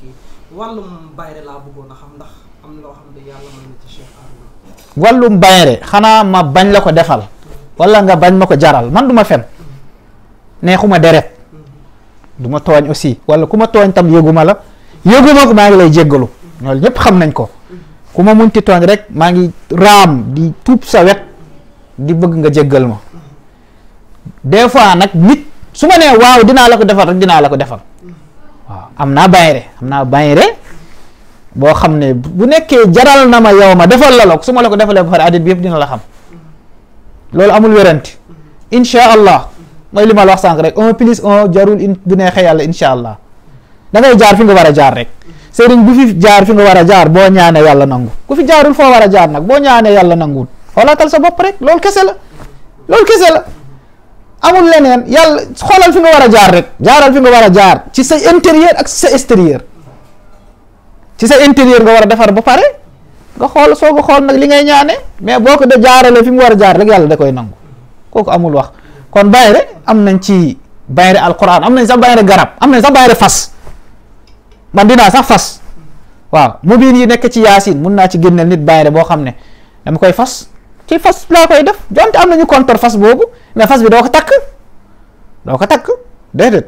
kii bayre a xam na ci Cheikh Arouna. xanaa ma bañ la ko defal. wala nga bañ ma ko jaral man du ma fen. neexuma deret. du ma tooñ aussi wala ku ma tooñ tam yëguma la. yëguma ko maa ngi lay jéggalu. loolu ñëpp xam nañ ko. ku ma munti tooñ rek maa ngi raam di tuub sa wet. di bëgg nga jéggal ma. des nag nit su ma nee waaw dinaa la ko defal rek dinaa la ko defal. waaw am naa bayre am naa bayre boo xam ne bu nekkee jaral na ma yow ma defal la ko su ma la ko defalee ba pare addit bi yëpp dina la xam loolu amul wérante incha allah mooy li ma la wax sànq rek un plus un jarul in bu neexee yàlla incha allah dangay jaar fi nga war a jaar rek sëriñ bu fi jaar fi nga war a jaar boo ñaanee yàlla nangu ku fi jaarul foo war a jaar nag boo ñaanee yàlla nanguwul xoolaatal sa bopp rek loolu kese la loolu kese la. amul leneen yàlla xoolal fi nga war a jaar rek jaaral fi nga war a jaar ci sa intérieur ak sa extérieur ci sa intérieur nga war a defar ba pare nga xool soo ko xool nag li ngay ñaane mais boo ko de jaaralee fi mu war a jaar rek yàlla da koy nangu kooku amul wax kon bayre am nañ ci bayre alquran am nañ sax bayre garab am nañ sa bayre fas man dinaa sax fas waaw mu biin yi nekk ci yaasin mun naa ci génneel nit bayre boo xam ne dama koy fas ci fas laa koy def jonte am nañu contre fas boobu mais fas bi doo ko takk doo ko takk déedéet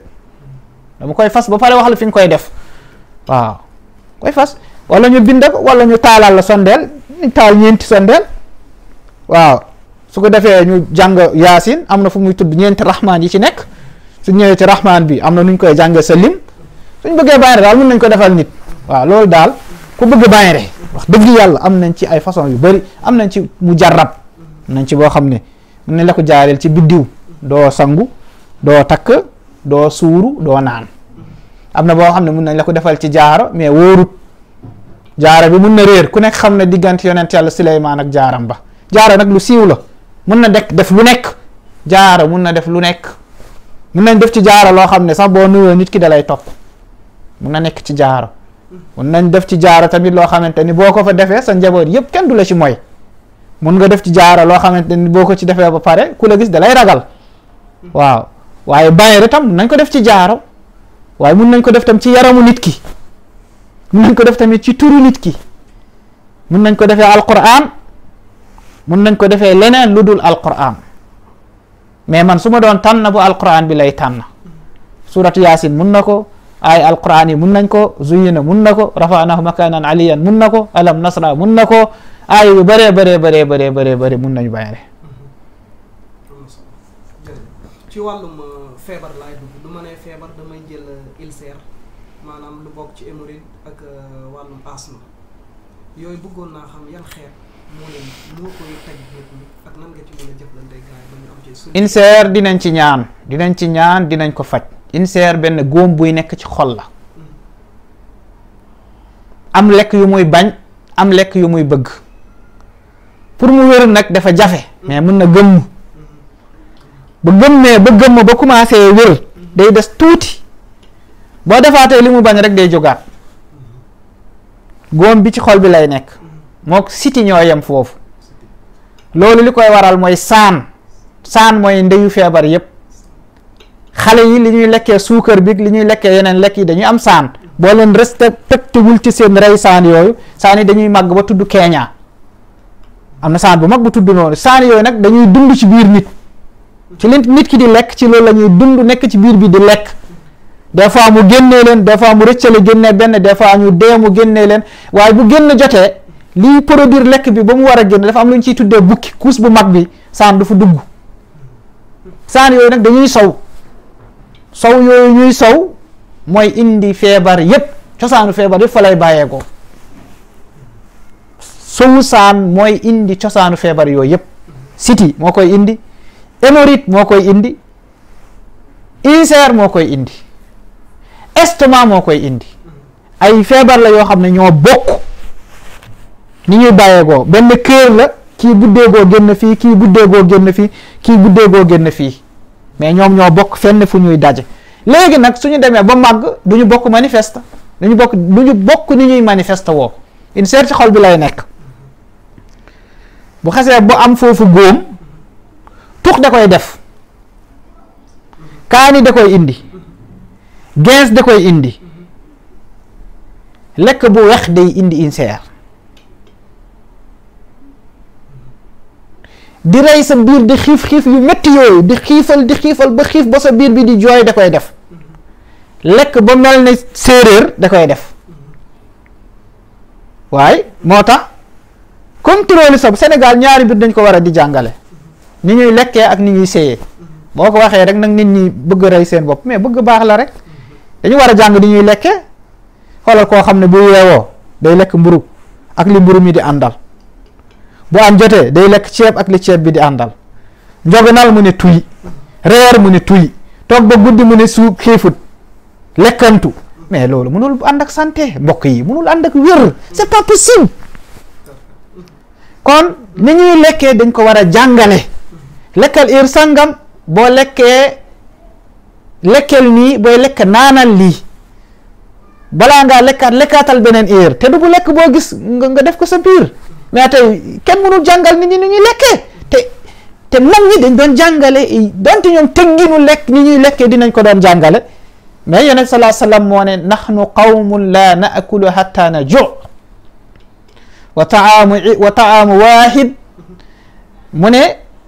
dama koy fas ba pare wax fi ñu koy def waaw koy fas wala ñu bind ko wala ñu taalal la sondeel ñu taal ñeenti sondeel waaw su ko defee ñu jàng yaasin am na fu muy tudd ñeenti rahmaan yi ci nekk su ñëwee ci rahmaan bi am na nu ñu koy jàngee sa lim suñ bëggee bàyyire daal mën nañ ko defal nit waaw loolu daal ku bëgg bàyyire wax dëgg yàlla am nañ ci ay façon yu bëri am nañ ci mu jarab nañ ci boo xam ne mun nañ la ko jaareel ci biddiw doo sangu doo takk doo suuru doo naan am na boo xam ne mun nañ la ko defal ci jaaro mais wóorut jaaro bi mun na réer ku nekk xam ne diggante yonent yàlla Suleymaan ak jaaram ba jaaro nag lu siiw la mun na dekk def lu nekk jaaro mun na def lu nekk mun nañ def ci jaaro loo xam ne sax boo nuyoo nit ki dalay topp mun na nekk ci jaaro mun nañ def ci jaaro tamit loo xamante ni boo ko fa defee sa njaboot yëpp kenn du la ci mooy mun nga def ci jaaro loo xamante ni boo ko ci defee ba pare ku la gis da lay ragal waaw waaye bayre tam mun nañ ko def ci jaaro waaye mun nañ ko def tam ci yaramu nit ki mun ko def tamit ci turu nit ki mun nañ ko defee alquran mun nañ ko defee leneen lu dul alquran mais man su ma doon tànn bu alquran bi lay tànn suratu yaasin mun na ko ay alquran yi mun nañ ko zuyina mun na ko rafanahu makanan aliyan mun na ko alam nasra mun na ko ay yu bëree bëree bëree bëree mun nañ bàyyi rek ci wàllum euh, feebar laay dugg du ma nee feebar damay jël euh, euh, ulcère dinañ ci ñaan dinañ ci ñaan dinañ ko faj inseer benn góom buy nekk ci xol la am lekk yu muy bañ am lekk yu muy bëgg pour mu wër nag dafa jafe mais mën na gëmm ba gëmmee ba gëmm ba commencé wér day des tuuti boo defaatee li mu bañ rek day jógaat góom bi ci xol bi lay nekk moo siti ñoo yem foofu loolu li koy waral mooy saan saan mooy ndeyu feebar yépp xale yi li ñuy lekkee suukar bi li ñuy lekkee yeneen lekk yi dañuy am saan boo leen respecté wul ci seen rey saan yooyu saan yi dañuy màgg ba tudd keeñaa am na saan bu mag bu tudd noonu saan yooyu nag dañuy dund ci biir nit ci li nit ki di lekk ci loolu la ñuy dund nekk ci biir bi di lekk des fois mu génnee leen des fois mu rëccale génnee benn des fois ñu dee mu génnee leen waaye bu génn jotee liy produire lekk bi ba mu war a génn dafa am lu ñu ciy tuddee bukki kuus bu mag bi saan du fa dugg saan yooyu nag dañuy sow sow yooyu ñuy sow mooy indi feebar yépp cosaanu feebar yépp fa lay bàyyeekoo sowu mooy indi cosaanu feebar yooyu yépp siti moo koy indi hémorroïde moo koy indi ulcère moo koy indi estomac moo koy indi ay feebar la yoo xam ne ñoo bokk ni ñuy bàyyeekoo benn kër la kii buddeegoo génn fii kii buddeegoo génn fii kii buddeegoo génn fii mais ñoom ñoo bokk fenn fu ñuy daje léegi nag suñu demee ba màgg du ñu bokk manifeste du ñu bokk du ñu bokk ni ñuy manifeste woo insert ci xol bi lay nekk bu xasee bu am foofu góom tux da koy def kaani da koy indi gens da koy indi lekk bu weex day indi insert di rey sa biir di xiif xiif yu metti yooyu di xiifal di xiifal ba xiif ba sa biir bi di jooy da koy def lekk ba mel ne séeréer da koy def waaye moo tax contrôle sa senegal ñaari biir dañ ko war a di jàngale ni ñuy lekkee ak ni ñuy seeyee boo ko waxee rek nag nit ñi bëgg rey seen bopp mais bëgg baax la rek dañu war a jàng ni ñuy lekkee xoolal koo xam ne bu yeewoo day lekk mburu ak li mburu mi di àndal bu am jotee day lekk ceeb ak li ceeb bi di àndal njogonal mu ne tuy reer mu ne tuy toog ba guddi mu ne su xiifut lekkantu mais loolu mënul ànd ak sante mbokk yi mënul ànd ak wér c'est pas possible kon ni ñuy lekkee dañ ko war a jàngale lekkal heure sàngam boo lekkee lekkel nii booy lekk naanal lii balaa ngaa lekkaat lekkaatal beneen heure te du lekk boo gis nga def ko sa biir mais tey kenn mënul jàngal nit ñi ni ñuy lekkee te te mag ñi dañ doon jàngale donte te tegginu lekk ni ñuy lekkee dinañ ko doon jàngale mais yonent salaa sallam moo ne nahnu qawmun la naakulu hatta najuu wa taamu wa taamu waahid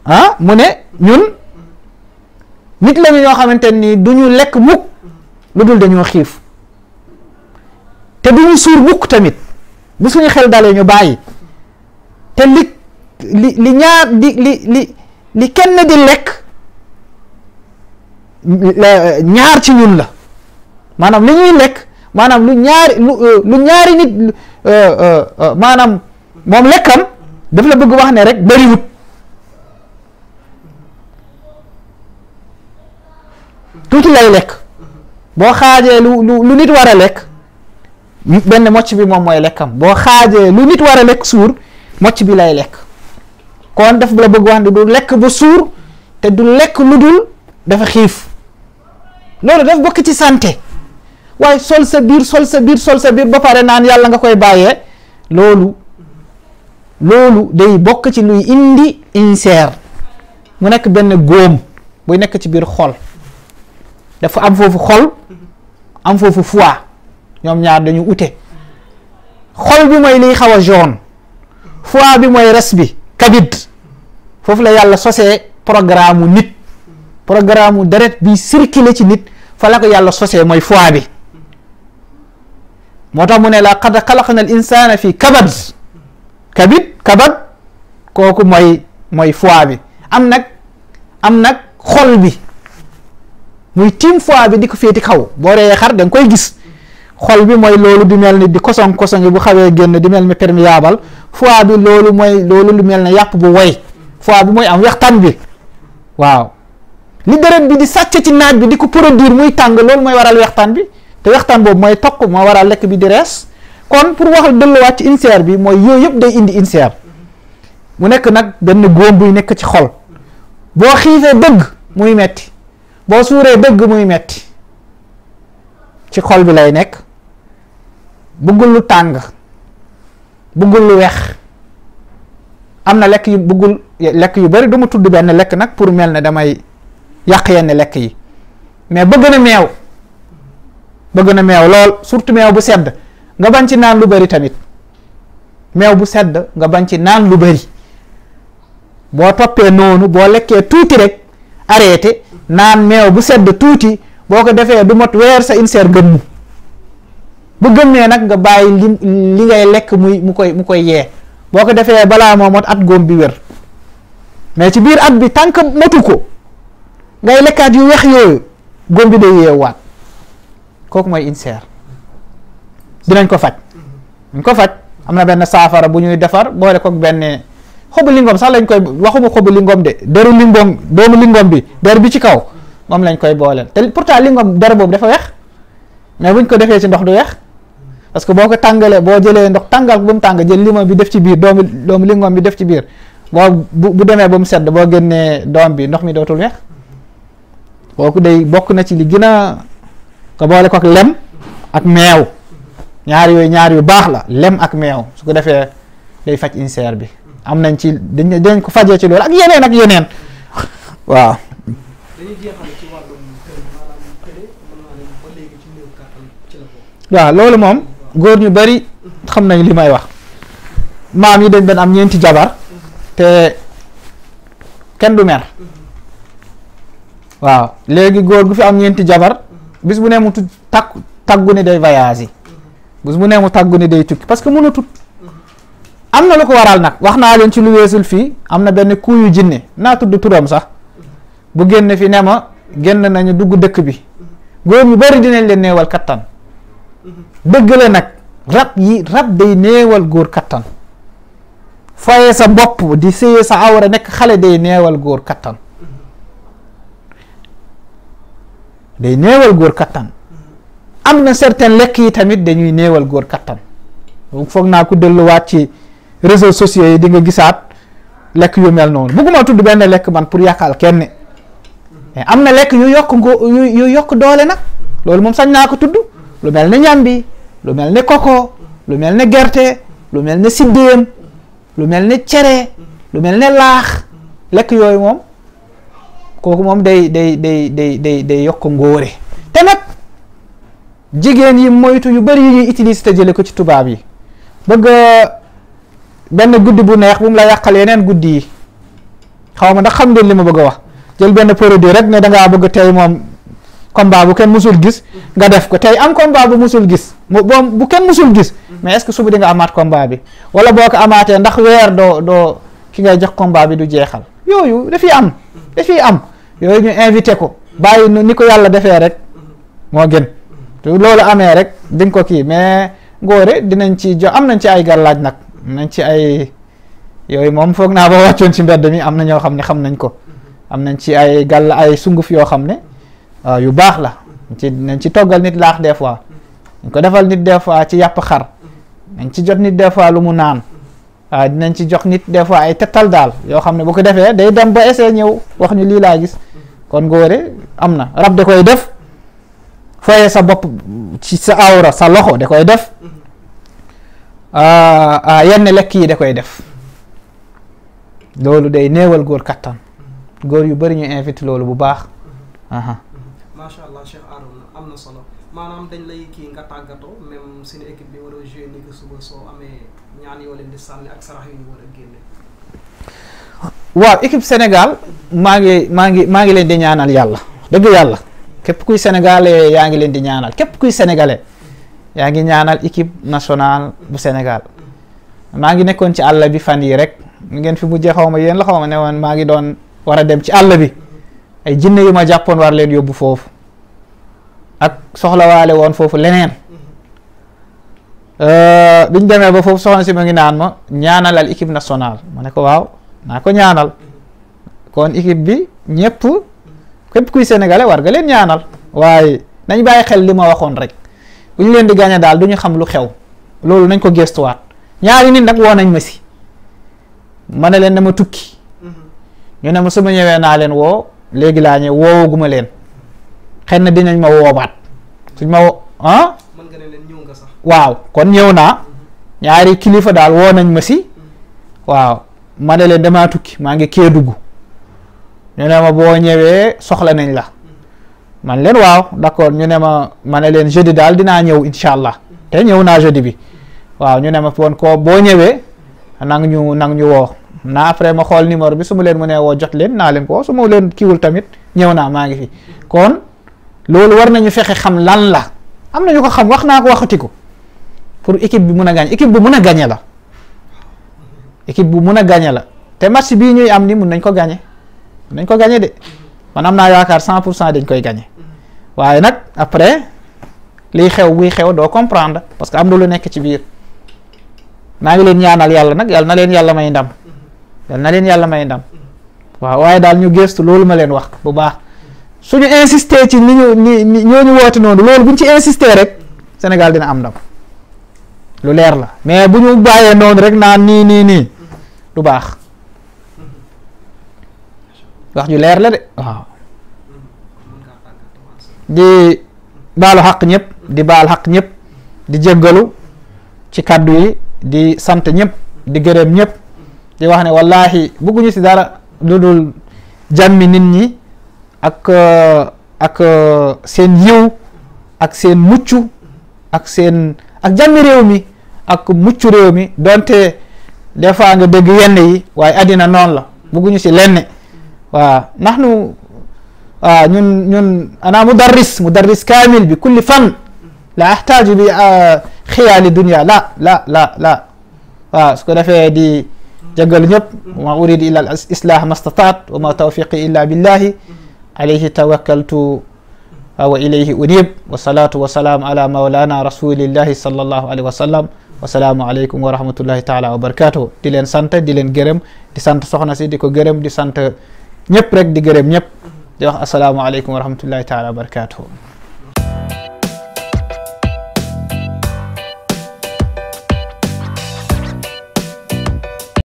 ah, mu ne ñun nit la ñu ñoo xamante ni du ñu lekk mukk lu dul dañoo xiif te du ñu suur mukk tamit bu suñu xel dalee ñu bàyyi te li li li ñaar li li li li kenn di lekk ñaar ci ñun la maanaam li ñuy lekk maanaam lu ñaari euh, ñaari nit euh, euh, maanaam moom lekkam daf la bëgg wax ne rek bariwut tuuti lay lekk boo xaajee lu lu nit war a lekk benn mocc bi moom mooy lekkam boo xaajee lu nit war lekk suur mocc bi lay lekk kon daf la bëgg wax ne du lekk ba suur te du lekk lu dul dafa xiif loolu daf bokk ci sante waaye sol sa biir sol sa biir sol sa biir ba pare naan yàlla nga koy bàyyee loolu loolu day bokk ci luy indi inseer mu nekk benn góom buy nekk ci biir xol dafa am foofu xol am foofu foie ñoom ñaar dañu ute xol bi mooy liy xaw a jaune foie bi mooy res bi kabid foofu la yàlla sosee programme mu nit programme mu deret bi circulé ci nit fa yàlla sosee mooy foie bi moo tax mu ne la qad xalaqna al insana fi kabad kabid kabad kooku mooy moy foie bi am nag am nag xol bi muy tiim foie bi di ko féeti kaw boo reyee xar koy gis xol bi mooy loolu di mel ni di kosong kosongi bu xawee génn di mel ni perméable foie bi loolu mooy loolu lu mel ne yàpp bu woy fois bi mooy am wextaan bi waaw li deret bi di sàcc ci naaj bi di ko produire muy tàng loolu mooy waral wextaan bi te wextaan boobu mooy tokk moo waral lekk bi di rees kon pour wax delluwaat ci INSER bi mooy yooyu yëpp day indi INSER mu nekk nag benn góom buy nekk ci xol boo xiifee dëgg muy metti boo suuree dëgg muy metti ci xol bi lay nekk bëggul lu tàng bëggul lu weex am na lekk yu bëggul lekk yu bari du ma tudd benn lekk nag pour mel ne damay yàq yenn lekk yi mais bëgg na meew bëgg na meew lool surtout meew bu sedd nga bañ ci naan lu bari tamit meew bu sedd nga bañ ci naan lu bari boo toppee noonu boo lekkee tuuti rek arrêté naan meew bu sedd tuuti boo ko defee du mot weer sa inseer gëmmu bu gëmmee nag nga bàyyi li li ngay lekk muy mu koy mu koy yee boo ko defee balaa moo mot at góom bi wér mais ci biir at bi tànk motu ko ngay lekkaat yu weex yooyu góom bi day yeewaat kooku mooy inseer dinañ ko faj dañ ko faj am na benn saafara bu ñuy defar boole kook benn xobu lingom sax lañ koy waxuma xobu lingom de deru lingom doomu lingom bi der bi ci kaw moom lañ koy booleel te pourtant lingom dar boobu dafa weex mais buñ ko defee ci ndox du weex parce que boo ko tàngalee boo jëlee ndox tàngal ko ba mu tàng jël limon bi def ci biir doomu doomu lingoom bi def ci biir boo bu demee ba mu sedd boo génnee doom bi ndox mi dootul weex kooku day bokk na ci li gën a boole ko ak lem ak meew ñaar yooyu ñaar yu baax la lem ak meew su ko defee day faj ulcère bi am nañ ci dañ dañ ko fajee ci loolu ak yeneen ak yeneen waaw. loolu moom. góor ñu bari xam nañ li may wax maam yi dañ doon am ñeenti jabar te kenn du mer waaw léegi góor gu fi am ñeenti jabar bis bu ne mu takk tàkk tàggu day voyage yi bis bu ne mu tàggu ne day tukki parce que mën a tut am na lu ko waral nag wax naa leen ci lu weesul fii am na benn kuuyu jinne naa tudd turam sax bu génn fi ne ma génn nañu dugg dëkk bi góor ñu bari dinañ leen neewal kattan dëgg la nag rab yi rab day neewal góor kattan foye sa bopp di séye sa awra nekk xale day neewal góor kattan day neewal góor kattan am na certain lekk yi tamit dañuy neewal góor kattan foog naa ko delluwaat ci réseaux sociaux yi di nga gisaat lekk yu mel noonu bëgguma tudd benn lekk man pour yàqal kenn mais am na lekk yu yokk ngoo yu yokk doole nag loolu moom sañ naa ko tudd lu mel ne ñambi lu mel ni koko lu mel ni gerte lu mel ni siddéem lu mel ni cere lu mel ne laax lekk yooyu moom kooku moom day day day day day day yokk ngóore te nag jigéen yi moytu yu bëri yi ñuy utiliser te jële ko ci tubaab yi bëgg benn guddi bu neex bu mu la yàqal yeneen guddi yi xaw ma ndax xam ngeen li ma bëgg wax jël benn produit rek ne dangaa bëgg tey moom combat bu kenn musul gis nga def ko tey am combat bu mosul gis boo bu kenn musul gis mais est-ce que suba di nga amaat combat bi wala boo ko amaatee ndax weer doo doo ki ngay jox combat bi du jeexal yooyu dafiy am dafiy am yooyu ñu invité ko bàyyi ni ko yàlla defee rek moo gën loolu amee rek di ko kii mais ngóore dinañ ci jox am nañ ci ay gàllaaj nag am nañ ci ay yooyu moom foog naa ba wàccoon ci mbedd mi am na ñoo xam ne xam nañ ko am nañ ci ay gàll ay sunguf yoo xam ne Euh, yu baax la ci nañ ci toggal nit laax des fois dañ ko defal nit des fois ci yàpp xar nañ ci jot nit des fois lu mu naan waaw euh, dinañ ci jox nit des fois ay tettal daal yoo xam ne bu ko defee day dem ba essayé ñëw wax ñu lii laa gis kon góore am na rab da koy def foye sa bopp ci sa awra sa loxo da koy def euh, yenn lekk yi da koy def loolu day néewal góor kattan góor yu bari ñu invité loolu bu baax macha allah Cheikh Arouna am na solo maanaam dañ lay kii nga a joué ni ko suba soo amee a génne. waaw équipe Sénégal maa ngi maa ngi maa ngi leen di ñaanal yàlla dëgg yàlla képp kuy sénégalais yaa ngi leen di ñaanal képp kuy sénégalais yaa ngi ñaanal équipe nationale bu Sénégal maa ngi nekkoon ci àll bi fan yii rek ngeen fi mujjee xaw ma yéen la xaw ma ne maa ngi doon war a dem ci àll bi ay jinne yu jàppoon war leen yóbbu foofu ak soxlawaale woon foofu leneen euh, biñ demee ba foofu soxna si ma ngi naan ma ñaanalal équipe nationale ma ne ko waaw naa ko ñaanal kon équipe bi ñëpp képp kuy sénégalais war leen ñaanal waaye nañ bàyyi xel li ma waxoon rek bu ñu leen di gagné daal du ñu xam lu xew loolu nañ ko gestuwaat ñaari nit nag woo nañ ma si ma ne leen dama tukki ñu ne ma su ñëwee naa leen woo léegi laa ñëw woowaguma leen. xëy na dinañ ma woobaat suñ ma woo ah. mën nga ne leen ñëw nga sax. waaw kon ñëw naa ñaari kilifa daal woo nañ ma si mm-hmm. waaw ma ne leen damaa tukki maa ngi Kédougou ñu ne ma boo ñëwee soxla nañ la mm-hmm. man leen waaw d'accord ñu ne ma ma ne leen jeudi daal dinaa ñëw incha allah mm-hmm. te ñëw naa jeudi bi waaw ñu ne ma woon ko boo ñëwee nang ñu nang ñu woo naa après ma xool numéro bi su ma leen mënee woo jot leen naa leen ko su ma leen kiiwul tamit ñëw naa maa ngi fi kon. loolu war nañu fexe xam lan la am na ñu ko xam wax naa ko waxati ko pour équipe bi mun a gagné équipe bu mun a gagné la équipe bu mun a gagné la te marché bii ñuy am ni mun nañ ko gagné mun nañ ko gagné de man am naa yaakaar cent pour cent dañ koy gagné waaye nag après liy xew buy xew doo comprendre parce que am na lu nekk ci biir naa ngi leen ñaanal yàlla nag yàlla na leen yàlla may ndam yàlla na leen yàlla may ndam waaw waaye daal ñu gëstu suñu insister ci ni ñu ni ñoo ñu woote noonu loolu bu ñu ci insister rek senegal dina am na ko lu leer la mais bu ñu bàyyee noonu rek naa nii nii nii du baax wax ju leer la de di baalu xaq ñépp di baal xaq ñëpp di jéggalu ci kàddu yi di sant ñëpp di gërëm ñëpp di wax ne wallahi bëgguñu si dara lu dul jàmmi nit ñi ak ak seen yiw ak seen mucc ak seen ak jàmmi réew mi ak mucc réew mi donte des fois nga dégg yi waaye àddina noonu la bugguñu si lenn ndax nu waaw ñun ñun ana mudarris mudarris kaamil bi kulli fan la axtaaju bi ah, xiyaali dunia la la la la waaw ko defee di jagal ñëpp wa urid illa islah ma stataat wa ma tawfiqi illa billahi alayhi tawakkaltu wa ilayhi unib wa salatu wa salam ala maulana rasulillahi sallallahu alaihi wasallam wasalaamu aleykum wa rahmatullahi taala wa barakatuhu di leen sant di leen gërëm di sant soxna si di ko gërëm di sant ñëpp rek di gërëm ñëpp di wax asalaamu aleykum wa rahmatullahi taala wa barakatuhu